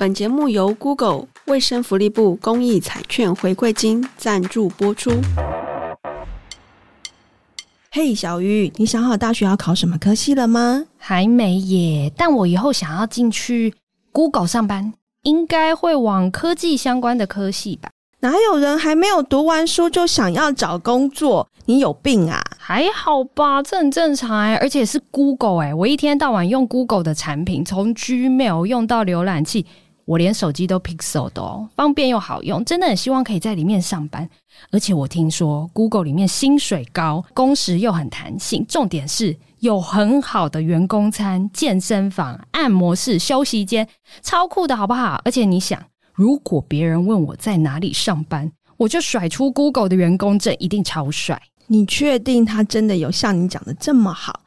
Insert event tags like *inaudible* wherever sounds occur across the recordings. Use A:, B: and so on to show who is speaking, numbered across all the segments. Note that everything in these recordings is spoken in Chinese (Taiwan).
A: 本節目由 Google 衛生福利部公益彩券回饋金贊助播出。嘿，hey，小魚，你想好大學要考什麼科系了嗎？還沒耶，但我以後想要進去
B: Google 上班，應該會往科技相關的科系吧？
A: 哪有人還沒有讀完書就想要找工作？你有病啊？還好吧，
B: 這很正常哎，而且是 Google 哎，我一天到晚用 Google 的產品，從 Gmail 用到瀏覽器。我連手機都 Pixel 的哦，方便又好用，真的很希望可以在裡面上班。而且我聽說 Google 裡面薪水高，工時又很彈性，重點是有很好的員工餐、健身房、按摩室、休息間，超酷的，好不好？而且你想，如果別人問我在哪裡上班，我就甩出 Google 的員工證，一定超帥。你確定他真的有像你
A: 講的這麼好？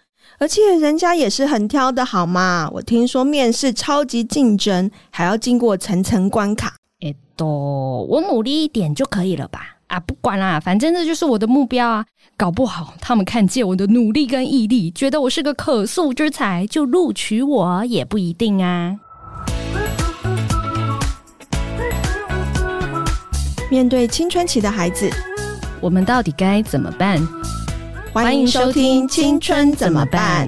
A: 而且人家也是很挑的，好嗎？我聽說面試超級競爭，還要經過層層關卡。哎、欸，到我努力一點
B: 就可以了吧？啊，不管啦，反正這就是我的目標啊！搞不好他們看見我的努力跟毅力，覺得我是個可塑之才，就錄取我也不一定啊。
A: 面對青春期的孩子，我們到底該怎麼辦？歡迎收聽《青春怎麼辦》。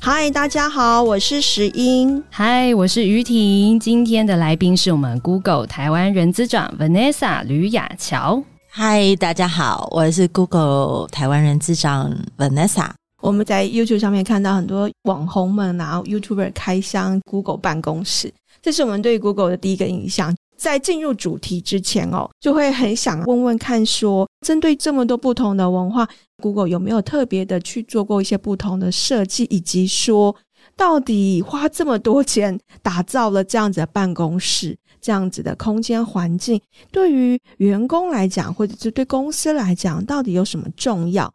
A: 嗨，大家好，我是石英。
B: 嗨，我是於婷。今天的來賓是我們 Google 台灣人資長 Vanessa 呂亞樵。
A: 嗨，大
C: 家好，我是 Google 台灣人資長 Vanessa。
A: 我們在 YouTube 上面看到很多網紅們，然後 YouTuber 開箱 Google 辦公室，這是我們對 Google 的第一個印象。在進入主題之前哦，就會很想問問看說，說針對這麼多不同的文化，Google 有沒有特別的去做過一些不同的設計，以及說到底花這麼多錢打造了這樣子的辦公室，這樣子的空間環境，對於員工來講，或者是對公司來講，到底有什麼重要？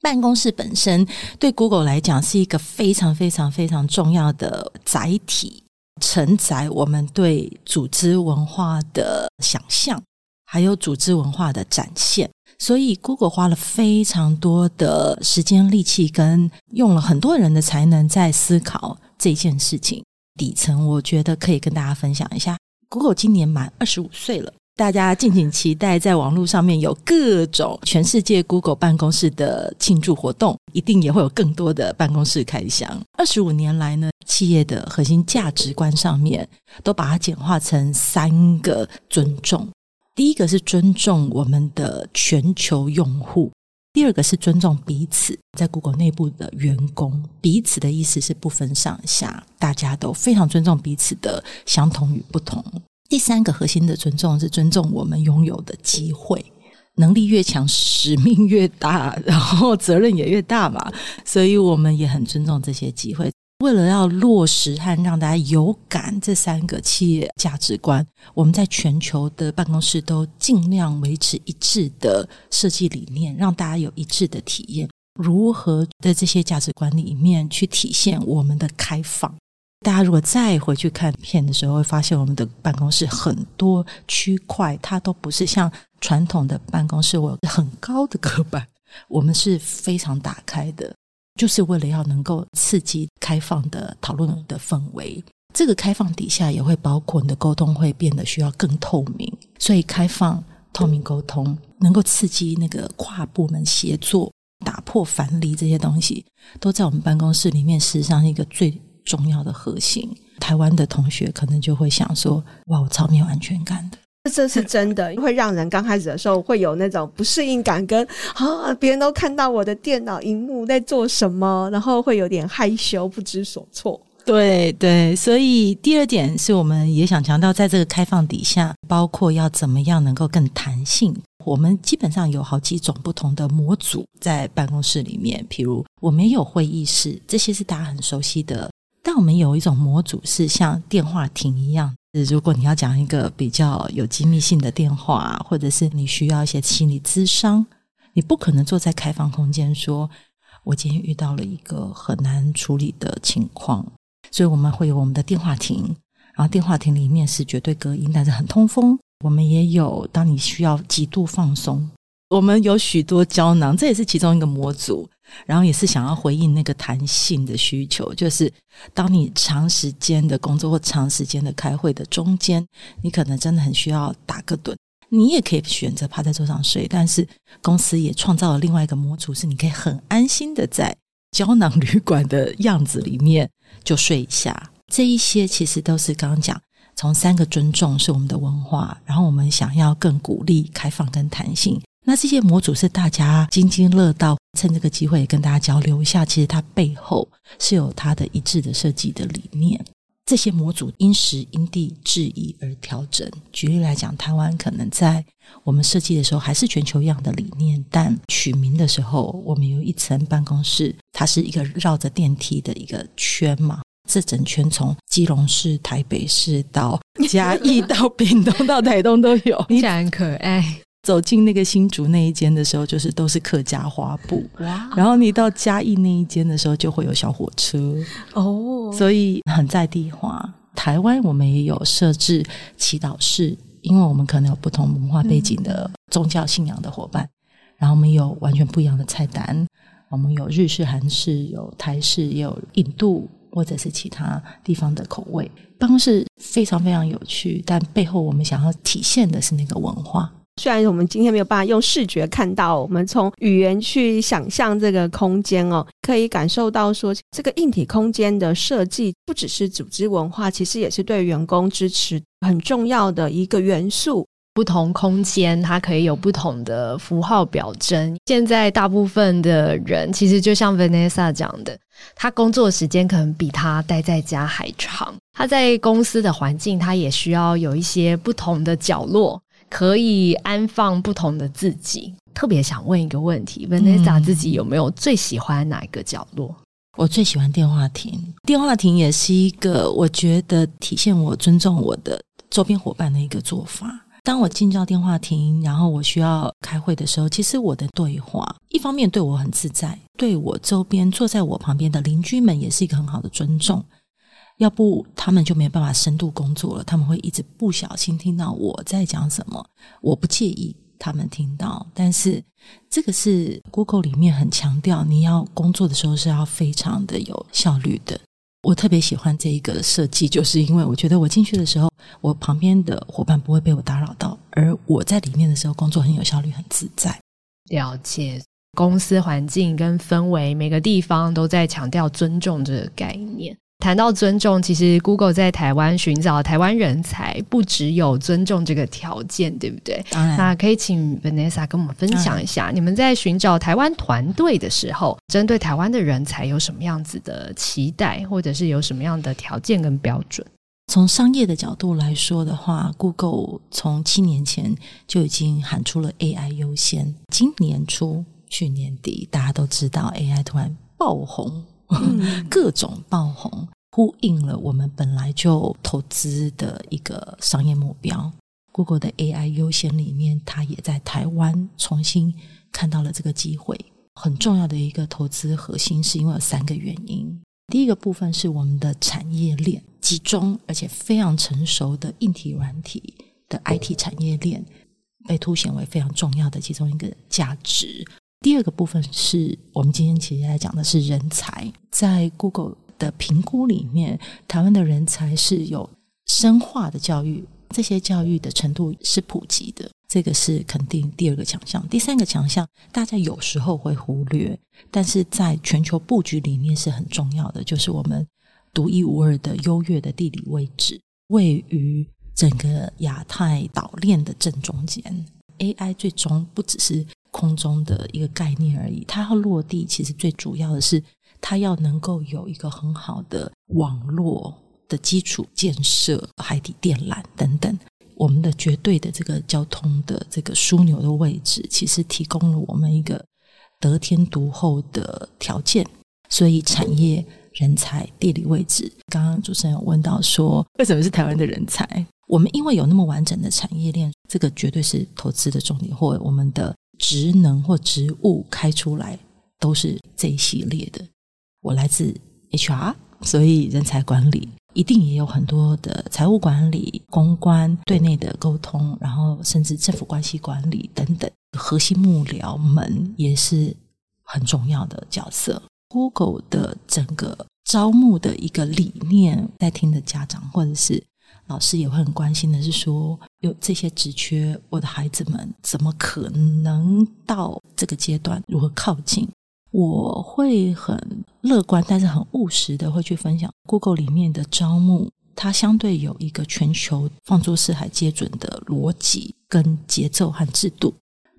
A: 辦公
C: 室本身對 Google 來講是一個非常非常非常重要的載體。承載我們對組織文化的想象，還有組織文化的展現，所以 Google 花了非常多的時間、力氣，跟用了很多人的才能在思考這件事情。底層我覺得可以跟大家分享一下，Google 今年滿二十五歲了。大家敬請期待，在網絡上面有各種全世界 Google 辦公室的慶祝活動，一定也會有更多的辦公室開箱。二十五年來呢，企業的核心價值觀上面都把它簡化成三個尊重：第一個是尊重我們的全球用戶；第二個是尊重彼此，在 Google 內部的員工。彼此的意思是不分上下，大家都非常尊重彼此的相同與不同。第三個核心的尊重是尊重我們擁有的機會，能力越強，使命越大，然後責任也越大嘛。所以，我們也很尊重這些機會。為了要落實和讓大家有感這三個企業價值觀，我們在全球的辦公室都盡量維持一致的設計理念，讓大家有一致的體驗。如何在這些價值觀裡面去體現我們的開放？大家如果再回去看片的時候，會發現我們的辦公室很多區塊，它都不是像傳統的辦公室，我有很高的隔板。我們是非常打開的，就是為了要能夠刺激開放的討論的氛圍。這個開放底下也會包括你的溝通會變得需要更透明，所以開放透明溝通對能夠刺激那個跨部門協作、打破樊籬這些東西，都在我們辦公室裡面，實際上是一個最。重要的核心，臺灣的同學可能就會想說：“哇，我超沒有安全感的。”
A: 這是真的，會讓人剛開始的時候會有那種不適應感跟，跟啊，別人都看到我的電腦熒幕在做什麼，然後會有點害羞、不知所措。
C: 對對，所以第二點是我們也想強調，在這個開放底下，包括要怎麼樣能夠更彈性。我們基本上有好幾種不同的模組在辦公室裡面，譬如我沒有會議室，這些是大家很熟悉的。那我們有一種模組是像電話亭一樣，如果你要講一個比較有機密性的電話，或者是你需要一些心理諮商，你不可能坐在開放空間說“我今天遇到了一個很難處理的情況”，所以我們會有我們的電話亭，然後電話亭裡面是絕對隔音，但是很通風。我們也有，當你需要極度放鬆。我們有許多膠囊，這也是其中一個模組。然後也是想要回應那個彈性的需求，就是當你長時間的工作或長時間的開會的中間，你可能真的很需要打個盹。你也可以選擇趴在桌上睡，但是公司也創造了另外一個模組，是你可以很安心的在膠囊旅館的樣子裡面就睡一下。這一些其實都是剛剛講，從三個尊重是我們的文化，然後我們想要更鼓勵開放跟彈性。那這些模組是大家津津樂道，趁這個機會跟大家交流一下。其實它背後是有它的一致的設計的理念。這些模組因時因地制宜而調整。舉例來講，台灣可能在我們設計的時候還是全球一樣的理念，但取名的時候，我們有一層辦公室，它是一個繞着電梯的一個圈嘛。這整圈從基隆市、台北市到嘉義 *laughs* 到屏東到台東都有，依然很可愛。走進那個新竹那一間的時候，就是都是客家花布哇。Wow. 然後你到嘉義那一間的時候，就會有小火車
A: 哦。Oh. 所
C: 以很在地化。台灣我們也有設置祈禱室，因為我們可能有不同文化背景的宗教信仰的夥伴。嗯、然後我們有完全不一樣的菜單，我們有日式、韓式、有台式、也有印度或者是其他地方的口味。辦公室非常非常有趣，但背後我們想要體現的是那個文化。
A: 雖然我們今天沒有辦法用視覺看到，我們從語言去想象這個空間哦，可以感受到說這個硬體空間的設計不只是組織文化，其實也是對員工支持很重要的一個元素。不同空
B: 間，它可以有不同的符號表徵。現在大部分的人，其實就像 Vanessa 講的，他工作時間可能比他待在家還長。他在公司的環境，他也需要有一些不同的角落。可以安放不同的自己。特別想問一個問題，問 Vanessa，嗯，自己有沒有最喜歡哪一個角落？
C: 我最喜歡電話亭。電話亭也是一個我覺得體現我尊重我的周邊夥伴的一個做法。當我進到電話亭，然後我需要開會的時候，其實我的對話一方面對我很自在，對我周邊坐在我旁邊的鄰居們也是一個很好的尊重。要不他們就沒辦法深度工作了，他們會一直不小心聽到我在講什麼。我不介意他們聽到，但是這個是 Google 裡面很強調，你要工作的時候是要非常的有效率的。我特別喜歡這一個設計，就是因為我覺得我進去的時候，我旁邊的伙伴不會被我打擾到，而我在裡面的時候工作很有效率，很自在。
B: 了解公司環境跟氛圍，每個地方都在強調尊重這個概念。談到尊重，其實 Google 在台灣尋找台灣人才，不只有尊重這個條件，對不對？當然。那可以請 Vanessa 跟我們分享一下，嗯、你們在尋找台灣團隊的時候，針對台灣的人才有什麼樣子的期待，或者是有什麼樣的條件跟標準？從商業的角度來說的話，Google 從七年前就已
C: 經喊出了 AI 優先，今年初、去年底，大家都知道 AI 突然爆紅。各種爆紅，呼應了我們本來就投資的一個商業目標。Google 的 AI 優先裡面，它也在台灣重新看到了這個機會。很重要的一個投資核心，是因為有三個原因。第一個部分是我們的產業鏈集中，而且非常成熟的硬體軟體的 IT 產業鏈，被凸顯為非常重要的其中一個價值。第二個部分是我們今天其實來講的是人才，在 Google 的評估裡面，台灣的人才是有深化的教育，這些教育的程度是普及的，這個是肯定第二個強項。第三個強項，大家有時候會忽略，但是在全球布局裡面是很重要的，就是我們獨一無二的優越的地理位置，位於整個亞太島鏈的正中間。AI 最終不只是空中的一個概念而已，它要落地，其實最主要的是它要能夠有一個很好的網絡的基礎建設、海底電纜等等。我們的絕對的這個交通的這個樞紐的位置，其實提供了我們一個得天獨厚的條件。所以產業、人才、地理位置，剛剛主持人有問到說，為什麼是台灣的人才？我們因為有那麼完整的產業鏈，這個絕對是投資的重點，或我們的。職能或職務開出來都是這一系列的。我來自 HR，所以人才管理一定也有很多的財務管理、公關、對內的溝通，然後甚至政府關係管理等等。核心幕僚們也是很重要的角色。Google 的整個招募的一個理念，在聽的家長或者是老師也會很關心的是說，有這些職缺，我的孩子們怎麼可能到這個階段？如何靠近？我會很樂觀，但是很務實的會去分享。Google 裡面的招募，它相對有一個全球放諸四海皆準的邏輯，跟節奏和制度，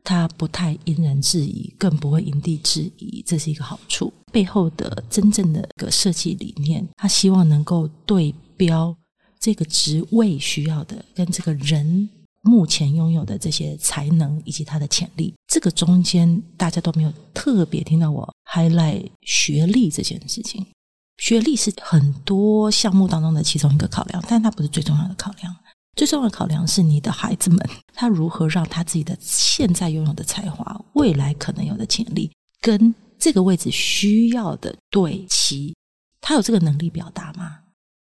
C: 它不太因人制宜，更不會因地制宜，這是一個好處。背後的真正的一個設計理念，他希望能夠對標。這個職位需要的跟這個人目前擁有的這些才能以及他的潛力，這個中間大家都沒有特別聽到我 highlight 學歷這件事情。學歷是很多項目當中的其中一個考量，但它不是最重要的考量。最重要的考量是你的孩子們他如何讓他自己的現在擁有的才華，未來可能有的潛力，跟這個位置需要的對齊。他有這個能力表達嗎？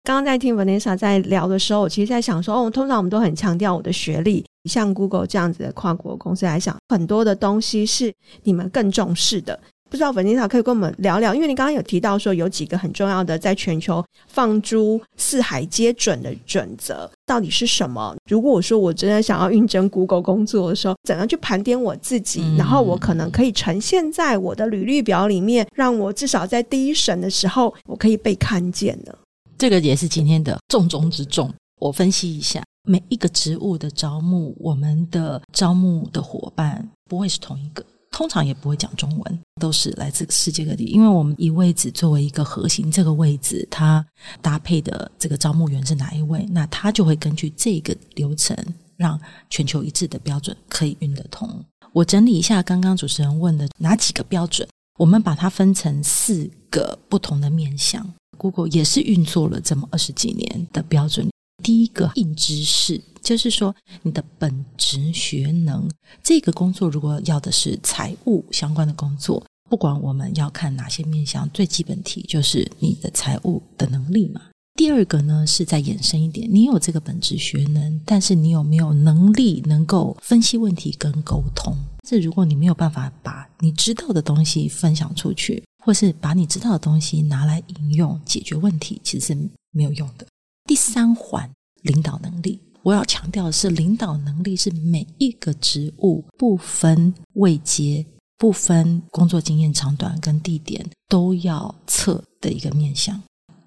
A: 剛剛在聽 Vanessa 在聊的時候，我其實在想說，哦，通常我們都很強調我的學歷。像 Google 這樣子的跨國公司來講，很多的東西是你們更重視的。不知道 Vanessa 可以跟我們聊聊，因為你剛剛有提到說，有幾個很重要的在全球放諸四海皆準的準則到底是什麼？如果我說我真的想要應徵 Google 工作的時候，怎樣去盤點我自己，然後我可能可以呈現在我的履歷表裡面，讓我至少在第一審的時候，我可以被看見的。
C: 這個也是今天的重中之重。我分析一下每一個職務的招募，我們的招募的夥伴不會是同一個，通常也不會講中文，都是來自世界各地。因為我們以位置作為一個核心，這個位置它搭配的這個招募員是哪一位，那他就會根據這個流程，讓全球一致的標準可以運得通。我整理一下剛剛主持人問的哪幾個標準，我們把它分成四個不同的面向。Google 也是運作了這麼二十幾年的標準。第一個硬知識就是說，你的本職學能。這個工作如果要的是財務相關的工作，不管我們要看哪些面向，最基本題就是你的財務的能力嘛。第二個呢，是再延伸一點，你有這個本職學能，但是你有沒有能力能夠分析問題跟溝通？這如果你沒有辦法把你知道的東西分享出去。或是把你知道的東西拿來應用解決問題，其實是沒有用的。第三環，領導能力，我要強調的是，領導能力是每一個職務不分位階、不分工作經驗長短跟地點都要測的一個面向，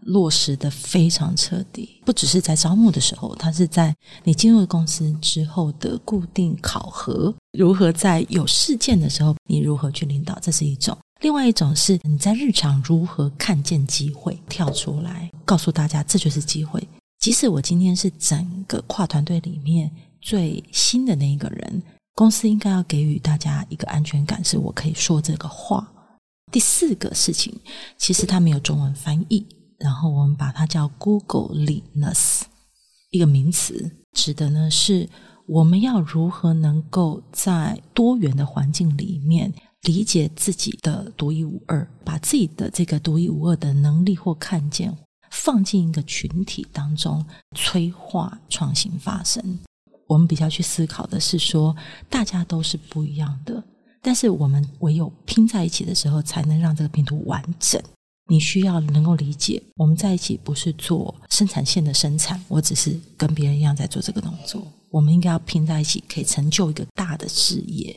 C: 落實的非常徹底。不只是在招募的時候，它是在你進入公司之後的固定考核。如何在有事件的時候，你如何去領導？這是一種。另外一種是，你在日常如何看見機會跳出來，告訴大家這就是機會。即使我今天是整個跨團隊裡面最新的那一個人，公司應該要給予大家一個安全感，是我可以說這個話。第四個事情，其實它沒有中文翻譯，然後我們把它叫 Googleyness，一個名詞，指的呢是。我們要如何能夠在多元的環境裡面理解自己的獨一無二，把自己的這個獨一無二的能力或看見放進一個群體當中，催化創新發生？我們比較去思考的是說，大家都是不一樣的，但是我們唯有拼在一起的時候，才能讓這個拼圖完整。你需要能夠理解，我們在一起不是做生產線的生產，我只是跟別人一樣在做這個動作。我們應該要拼在一起，可以成就一個大的事業。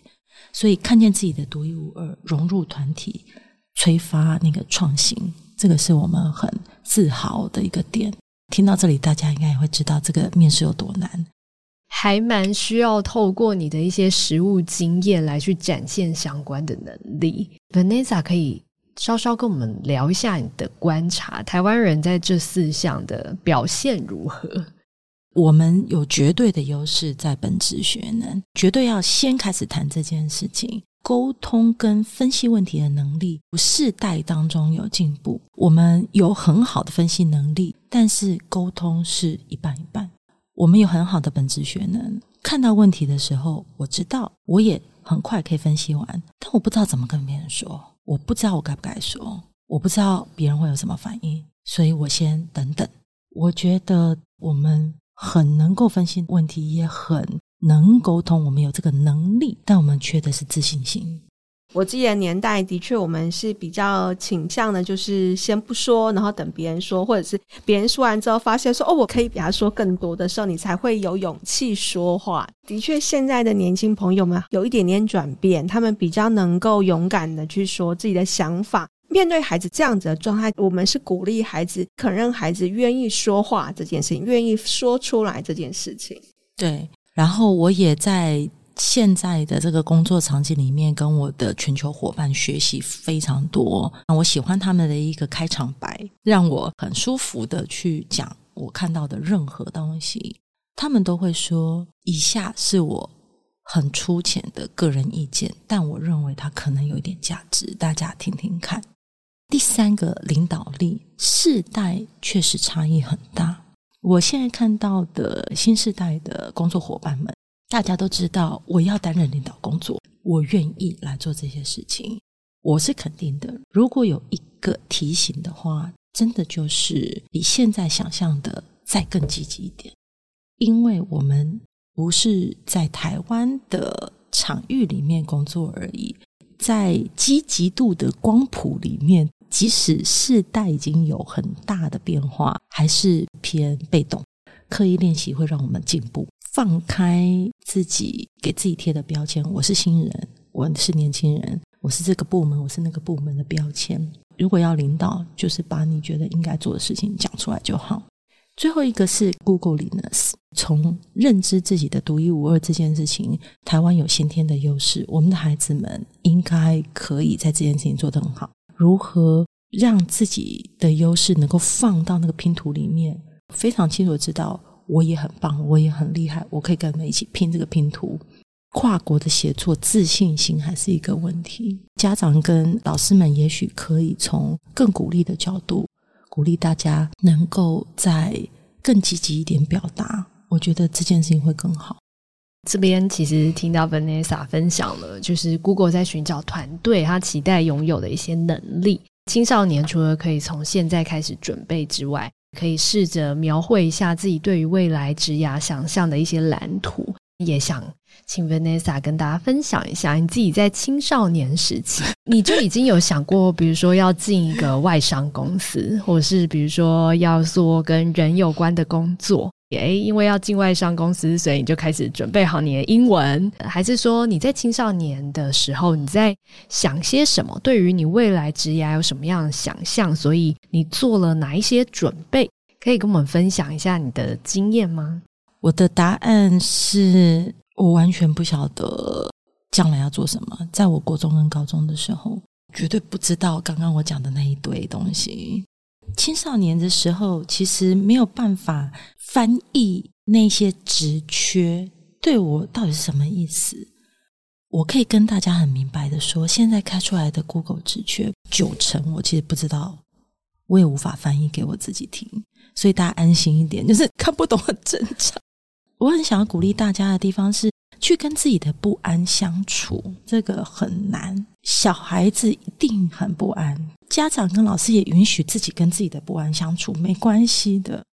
C: 所以看見自己的獨一無二，融入團體，催發那個創新，這個是我們很自豪的一個點。聽到這裡，大家應該也會知道這個面試有多難，
B: 還蠻需要透過你的一些實務經驗來去展現相關的能力。Vanessa 可以。稍稍跟我們聊一下你的觀察，台灣人在這四項的表現如何？我們有絕對的優勢在本質學能，絕對要
C: 先開始談這件事情。溝通跟分析問題的能力，不是世代當中有進步，我們有很好的分析能力，但是溝通是一半一半。我們有很好的本質學能，看到問題的時候，我知道，我也很快可以分析完，但我不知道怎麼跟別人說。我不知道我該不該說，我不知道別人會有什麼反應，所以我先等等。我覺得我們很能夠分析問題，也很能溝通，我們有這個能力，但我們缺的是自信心。
A: 我自己的年代，的確我們是比較傾向的，就是先不說，然後等別人說，或者是別人說完之後，發現說，哦，我可以比他說更多的時候，你才會有勇氣說話。的確，現在的年輕朋友們有一點點轉變，他們比較能夠勇敢的去說自己的想法。面對孩子這樣子的狀態，我們是鼓勵孩子，肯讓孩子願意說話這件事情，願意說出來這件事情。
C: 對，然後我也在。現在的這個工作場景裡面，跟我的全球夥伴學習非常多。我喜歡他們的一個開場白，讓我很舒服的去講我看到的任何東西。他們都會說：“以下是我很粗淺的個人意見，但我認為它可能有一點價值，大家聽聽看。”第三個，領導力，世代確實差異很大。我現在看到的新世代的工作夥伴們。大家都知道，我要擔任領導工作，我願意來做這些事情，我是肯定的。如果有一個提醒的話，真的就是比現在想象的再更積極一點，因為我們不是在台灣的場域裡面工作而已，在積極度的光譜裡面，即使世代已經有很大的變化，還是偏被動。刻意練習會讓我們進步。放開自己給自己貼的標籤，我是新人，我是年輕人，我是這個部門，我是那個部門的標籤。如果要領導，就是把你覺得應該做的事情講出來就好。最後一個是 Googleyness，從認知自己的獨一無二這件事情，台灣有先天的優勢，我們的孩子們應該可以在這件事情做得很好。如何讓自己的優勢能夠放到那個拼圖裡面？非常清楚知道。我也很棒，我也很厲害，我可以跟他們一起拼這個拼圖。跨國的協作，自信心還是一個問題。家長跟老師們也許可以從更鼓勵的角度，鼓勵大家能夠再更積極一點表達。我覺得這件事情會更好。
B: 這邊其實聽到 Vanessa 分享了，就是 Google 在尋找團隊，他期待擁有的一些能力。青少年除了可以從現在開始準備之外。可以試着描繪一下自己對於未來職涯想象的一些藍圖，也想請 Vanessa 跟大家分享一下，你自己在青少年時期，你就已經有想過，比如說要進一個外商公司，或是比如說要做跟人有關的工作。誒，因為要進外商公司，所以你就開始準備好你的英文，還是說你在青少年的時候你在想些什麼？對於你未來職業有什麼樣的想象所以你做了哪一些準備？可以跟我們分享一下你的經驗嗎？
C: 我的答案是我完全不曉得將來要做什麼。在我國中跟高中的時候，絕對不知道剛剛我講的那一堆東西。青少年的時候，其實沒有辦法翻譯那些職缺對我到底是什麼意思？我可以跟大家很明白的說，現在開出來的 Google 職缺九成我其實不知道，我也無法翻譯給我自己聽，所以大家安心一點，就是看不懂很正常。我很想要鼓勵大家的地方是。去跟自己的不安相處，這個很難。小孩子一定很不安，家長跟老師也允許自己跟自己的不安相處，沒關係的。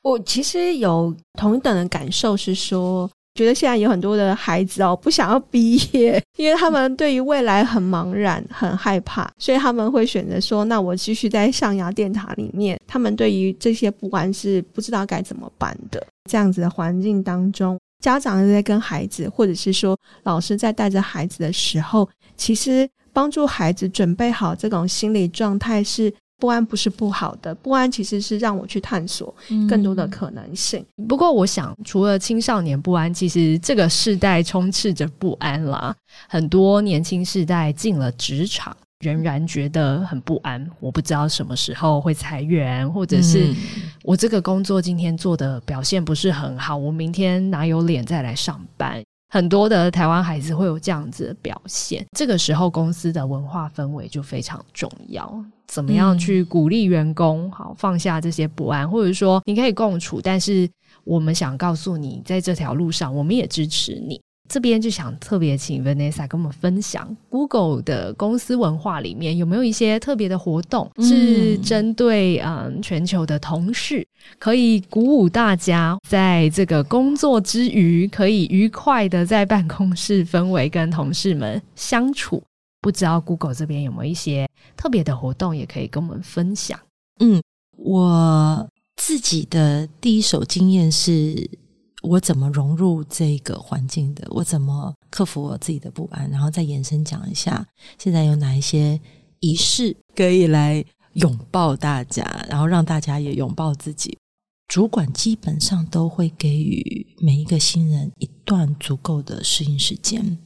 A: 我其實有同等的感受，是說覺得現在有很多的孩子哦，不想要畢業，因為他們對於未來很茫然、很害怕，所以他們會選擇說：“那我繼續在象牙殿塔裡面。”他們對於這些不安是不知道該怎麼辦的，這樣子的環境當中，家長在跟孩子，或者是說老師在帶着孩子的時候，其實幫助孩子準備好這種心理狀態是不安，不是不好的。不安其實是讓我去探索更多的可能性。
B: 嗯、不過，我想除了青少年不安，其實這個世代充斥着不安啦。很多年輕世代進了職場。仍然覺得很不安，我不知道什麼時候會裁員，或者是我這個工作今天做的表現不是很好，我明天哪有臉再來上班？很多的台灣孩子會有這樣子的表現，這個時候公司的文化氛圍就非常重要，怎麼樣去鼓勵員工，好放下這些不安，或者說你可以共處，但是我們想告訴你，在這條路上，我們也支持你。這邊就想特別請 Vanessa 跟我們分享 Google 的公司文化裡面，有沒有一些特別的活動是針，是針對嗯，嗯，全球的同事，可以鼓舞大家在這個工作之餘，可以愉快的在辦公室氛圍跟同事們相處。不知道 Google 這邊有沒有一些特別的活動，也可以跟我們分享。
C: 嗯，我自己的第一手經驗是。我怎麼融入這個環境的？我怎麼克服我自己的不安？然後再延伸講一下，現在有哪一些儀式可以來擁抱大家，然後讓大家也擁抱自己。主管基本上都會給予每一個新人一段足夠的適應時間，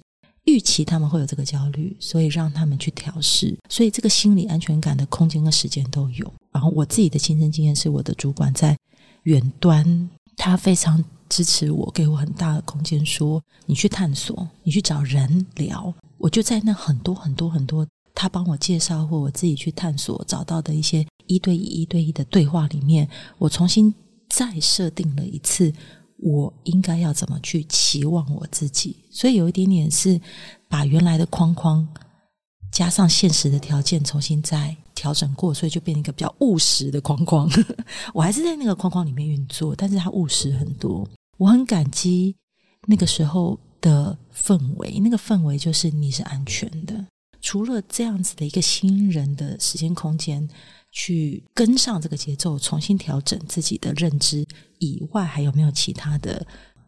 C: 預期他們會有這個焦慮，所以讓他們去調試，所以這個心理安全感的空間跟時間都有。然後我自己的親身經驗是我的主管在遠端，他非常。支持我，給我很大的空間，說，你去探索，你去找人聊。我就在那很多很多很多，他幫我介紹或我自己去探索找到的一些一對一一對一的對話裡面，我重新再設定了一次我應該要怎麼去期望我自己，所以有一點點是把原來的框框加上現實的條件，重新再。調整過，所以就變成一個比較務實的框框。 *laughs* 我還是在那個框框裡面運作，但是它務實很多。我很感激那個時候的氛圍，那個氛圍就是你是安全的。除了這樣子的一個新人的時間空間去跟上這個節奏，重新調整自己的認知以外，還有沒有其他的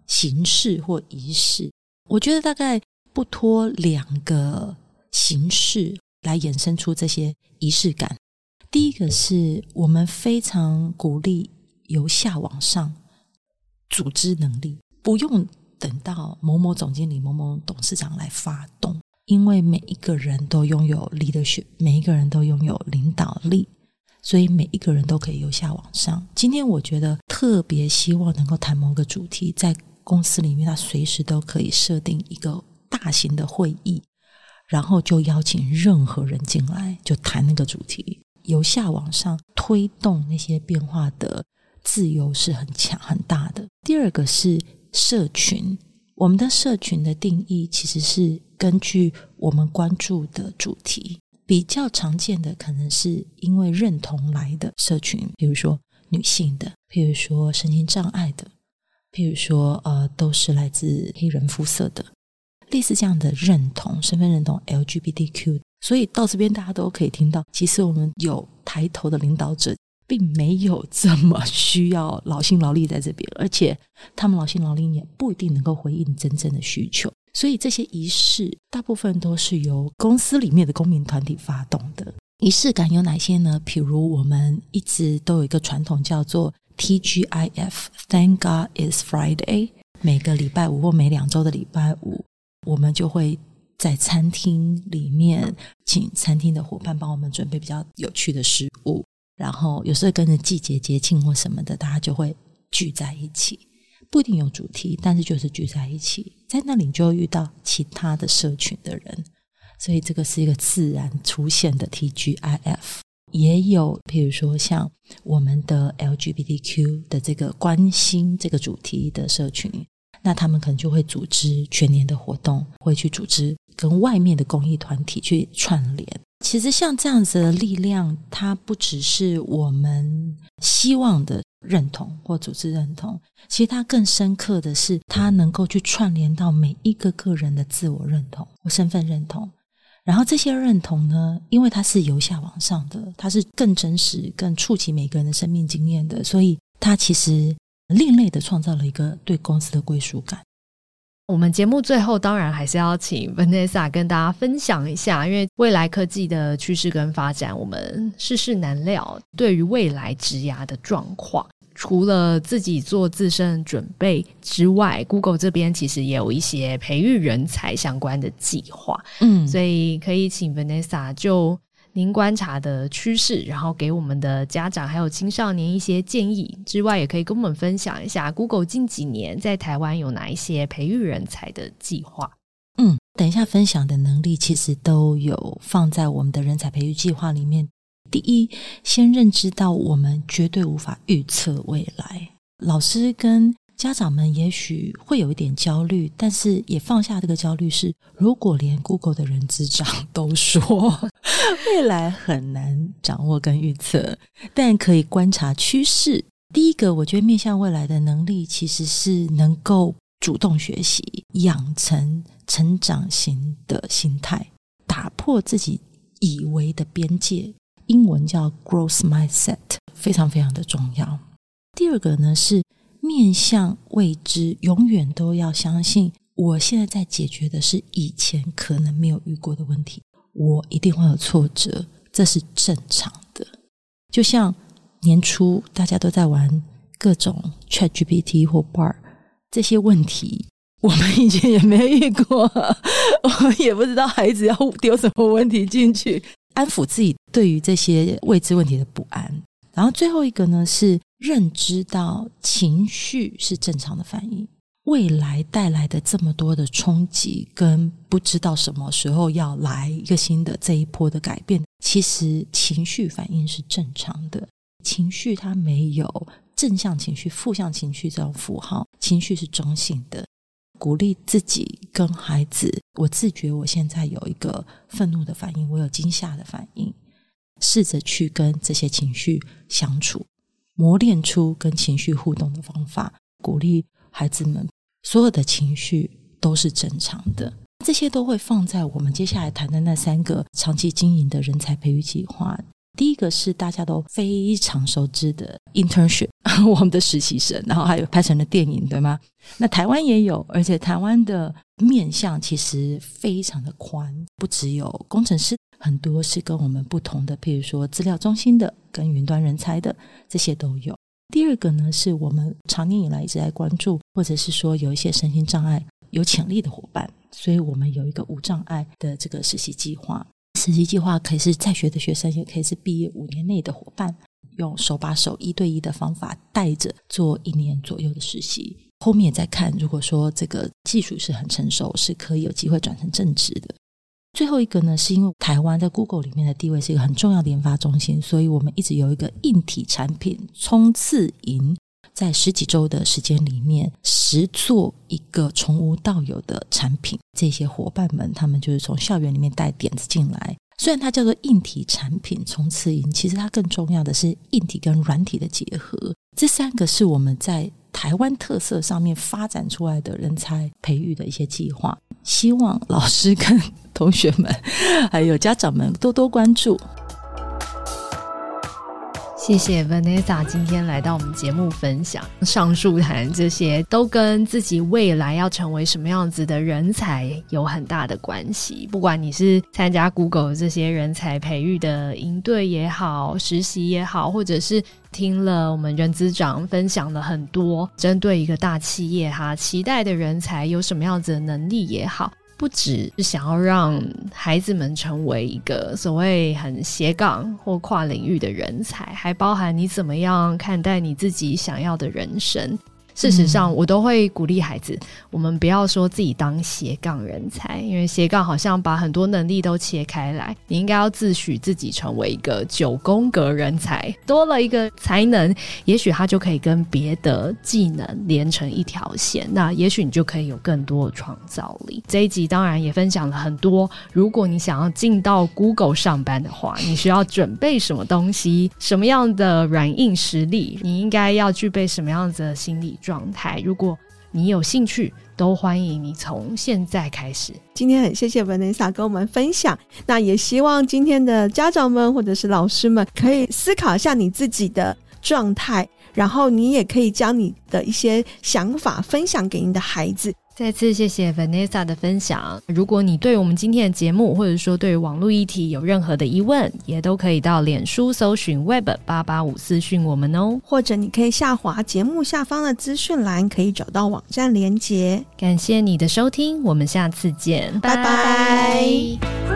C: 形式或儀式？我覺得大概不脫兩個形式來衍生出這些，儀式感，第一個是我們非常鼓勵由下往上組織能力，不用等到某某總經理、某某董事長來發動，因為每一個人都擁有 leadership，每一個人都擁有領導力，所以每一個人都可以由下往上。今天我覺得特別希望能夠談某個主題，在公司裡面，他隨時都可以設定一個大型的會議。然後就邀請任何人進來，就談那個主題，由下往上推動那些變化的自由是很強很大的。第二個是社群，我們的社群的定義其實是根據我們關注的主題，比較常見的可能是因為認同來的社群，比如說女性的，譬如說神經障礙的，譬如說呃都是來自黑人膚色的。類似這樣的認同、身份認同、LGBTQ，所以到這邊大家都可以聽到，其實我們有抬頭的領導者，並沒有這麼需要勞心勞力在這邊，而且他們勞心勞力也不一定能夠回應真正的需求。所以這些儀式大部分都是由公司裡面的公民團體發動的。儀式感有哪些呢？譬如我們一直都有一個傳統叫做 TGIF，Thank God it's Friday，每個禮拜五或每兩週的禮拜五。我們就會在餐廳裡面，請餐廳的夥伴幫我們準備比較有趣的食物，然後有時候跟着季節節慶或什麼的，大家就會聚在一起，不一定有主題，但是就是聚在一起，在那裡就會遇到其他的社群的人，所以這個是一個自然出現的 TGIF，也有，比如說像我們的 LGBTQ 的這個關心這個主題的社群。那他們可能就會組織全年的活動，會去組織跟外面的公益團體去串聯。其實像這樣子的力量，它不只是我們希望的認同或組織認同，其實它更深刻的是，它能夠去串聯到每一個個人的自我認同或身份認同。然後這些認同呢，因為它是由下往上的，它是更真實、更觸及每個人的生命經驗的，所以它其實，另類的創造了一個對公司的歸屬感。
B: 我們節目最後當然還是要請 Vanessa 跟大家分享一下，因為未來科技的趨勢跟發展，我們世事難料。對於未來職涯的狀況，除了自己做自身準備之外，Google 這邊其實也有一些培育人才相關的計劃。嗯，所以可以請 Vanessa 就。您觀察的趨勢，然後給我們的家長還有青少年一些建議之外，也可以跟我們分享一下 Google 近幾年在台灣有哪一些培育人才的計劃。
C: 嗯，等一下分享的能力其實都有放在我們的人才培育計劃裡面。第一，先認知到我們絕對無法預測未來。老師跟。家長們也許會有一點焦慮，但是也放下這個焦慮是，是如果連 Google 的人資長都說 *laughs* 未來很難掌握跟預測，但可以觀察趨勢。第一個，我覺得面向未來的能力其實是能夠主動學習、養成成長型的心態，打破自己以為的邊界。英文叫 growth mindset，非常非常的重要。第二個呢是，面向未知，永遠都要相信。我現在在解決的是以前可能沒有遇過的問題，我一定會有挫折，這是正常的。就像年初大家都在玩各種 ChatGPT 或 Bard 這些問題，我們以前也沒遇過，我也不知道孩子要丟什麼問題進去，安撫自己對於這些未知問題的不安。然後最後一個呢，是認知到情緒是正常的反應。未來帶來的這麼多的衝擊，跟不知道什麼時候要來一個新的這一波的改變，其實情緒反應是正常的。情緒它沒有正向情緒、負向情緒這種符號，情緒是中性的。鼓勵自己跟孩子，我自覺我現在有一個憤怒的反應，我有驚嚇的反應。試着去跟這些情緒相處，磨練出跟情緒互動的方法，鼓勵孩子們，所有的情緒都是正常的。這些都會放在我們接下來談的那三個長期經營的人才培育計劃。第一個是大家都非常熟知的 internship，我們的實習生，然後還有拍成了電影，對嗎？那台灣也有，而且台灣的面向其實非常的寬，不只有工程師。很多是跟我們不同的，譬如說資料中心的、跟雲端人才的，這些都有。第二個呢，是我們常年以來一直在關注，或者是說有一些身心障礙有潛力的夥伴，所以我們有一個無障礙的這個實習計劃。實習計劃可以是在學的學生，也可以是畢業五年內的夥伴，用手把手一對一的方法帶着做一年左右的實習，後面再看。如果說這個技術是很成熟，是可以有機會轉成正職的。最後一個呢，是因為台灣在 Google 裡面的地位是一個很重要的研發中心，所以我們一直有一個硬體產品衝刺營，在十幾周的時間裡面，實做一個從無到有的產品。這些夥伴們，他們就是從校園裡面帶點子進來。雖然它叫做硬體產品衝刺營，其實它更重要的是硬體跟軟體的結合。這三個是我們在台灣特色上面發展出來的人才培育的一些計劃，希望老師跟同學們還有家長們多多關注。
B: 謝謝 Vanessa，今天來到我們節目分享。上述談，這些都跟自己未來要成為什麼樣子的人才有很大的關係。不管你是參加 Google 這些人才培育的營隊也好，實習也好，或者是聽了我們人資長分享了很多，針對一個大企業哈期待的人才有什麼樣子的能力也好，不只是想要讓孩子們成為一個所謂很斜槓或跨領域的人才，還包含你怎麼樣看待你自己想要的人生。嗯、事實上，我都會鼓勵孩子，我們不要說自己當斜槓人才，因為斜槓好像把很多能力都切開來。你應該要自詡自己成為一個九宮格人才，多了一個才能，也許他就可以跟別的技能連成一條線。那也許你就可以有更多創造力。這一集當然也分享了很多，如果你想要進到 Google 上班的話，你需要準備什麼東西， *laughs* 什麼樣的軟硬實力，你應該要具備什麼樣子的心理。狀
A: 態，如果你有興趣，都歡迎你從現在開始。今天很謝謝 Vanessa 跟我們分享，那也希望今天的家長們或者是老師們可以思考一下你自己的狀態，然後你也可以將你的一些想法分享給你的孩子。再次謝謝 Vanessa 的分享。如果你對
B: 我們今天的節目，或者說對於網絡議題有任何的疑問，也都可以到臉書搜尋 Web 885私訊我們哦，或者你可以下滑節目下方的資訊欄，可以找到網站連結。感謝你的收聽，我們下次見，拜拜。